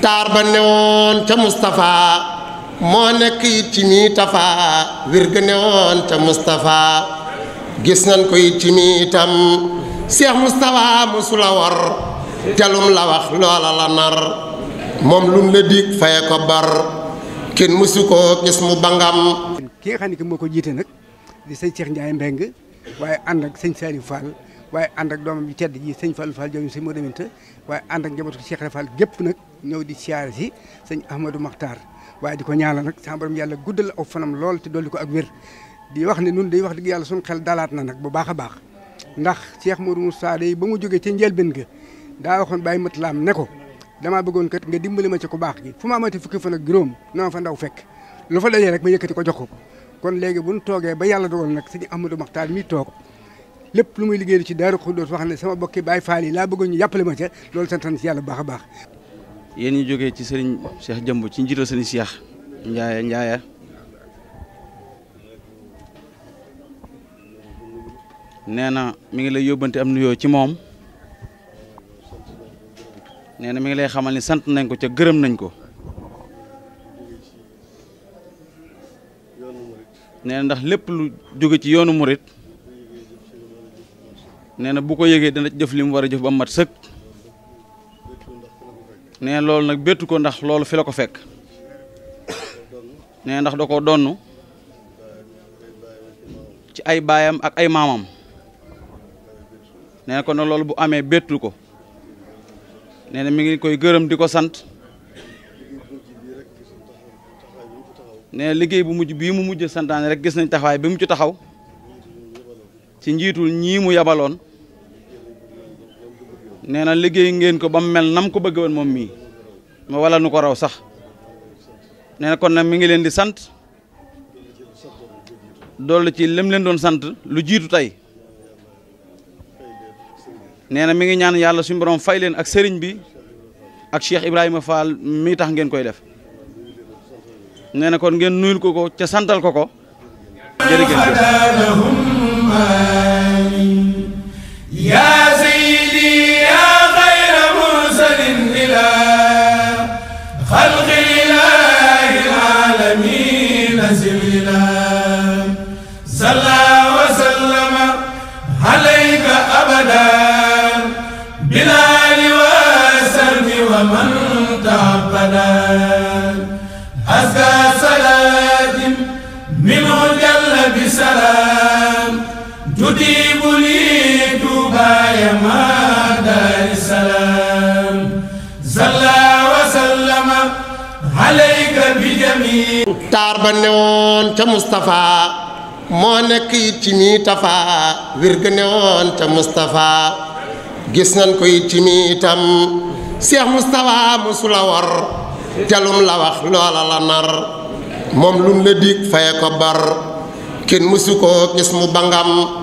taar ba newoon ca Moustapha moo nekk it ci mii tafa wér ga newoon ca Moustapha gis nañ ko it ci mii itam Cheikh Moustapha mosula war telum la wax loola la nar moom lun la dig faye ko bar kenn mosu koo gis mu bangam ki nga xam moo ko jiite nag di sëñ Cheikh Ndiaye Mbeng waaye ànd ak sëñ Saliou Fall waaye ànd ak doomam ji tedd ji sëñ Fallou Fall jawñu sëñ moo deminta waaye ànd ak njabootu Cheikh Rafal gépp nag ñëw di siyaare si sëñ Ahmadou Makhtar waaye di ko ñaanal nag sa borom yàlla guddal aw fanam lool te dolli ko ak wér di wax ne nun day wax dëgg yàlla suñu xel dalaat na nag bu baax a baax ndax Cheikh mu Moussa day ba mu jógee ci njëlbéen ga daa waxoon bay mat laam ne ko damaa bëggoon kat nga dimbali ma ci ku baax gi fu ma amati fukki fan ak juróom na ma fa ndaw fekk lu fa dajee rek ko jox ko kon léegi buñ toogee ba yàlla dogal nag sëñ Ahmadou Makhtar mi toog lépp lu muy liggéey ci Daaru Xuddoos wax ne sama bokki Baay Faal yi laa bëgg ñu yàppale ma ca loolu santan si yàlla bu baax a baax yéen ñu jógee ci sëriñ Cheikh Jëmb ci njiital sëriñ Cheikh Njaaya Njaaya nee na mi ngi lay yóbbante am nuyoo ci moom neena na mi ngi lay xamal ni sant nañ ko ca gërëm nañ ko nee ndax lépp lu jóge ci yoonu murit nee na bu ko yéegee dana jëf li mu war a jëf ba mat sëkk nee loolu nag bettu ko ndax loolu fi la ko fekk nee ndax da koo donnu ci ay baayam ak ay maamam nee na kon nag loolu bu amee bettu ko nee na mi ngi koy gërëm di ko sant nee liggéey bu mujj bii mu mujj santaane rek gis nañ taxawaay bi mu ci taxaw ci njiitu ñii mu yabaloon nee na liggéey ngeen ko ba mu mel nam ko bëgg woon moom mii ma walla nu ko raw sax nee kon nag mi ngi leen di sant dollu ci lem leen doon sant lu jiitu tey nee na mi ngi ñaan yàlla suñu fay leen ak sëriñ bi ak Cheikh Ibrahima Fall mii tax ngeen koy def nee na kon ngeen nuyul ko ko ca santal ko ko jërëjëf الرحمن يا تديب لي توبا يما دار السلام صلى وسلم عليك بجميع taar ba newoon ca Moustapha moo nekk it ci mii tafa wér ga ca Moustapha gis nañ ko it ci mii itam Cheikh Moustapha mosula war jalum la wax loola la nar moom lun la dig faye ko bar kenn mosu ko gis mu bangam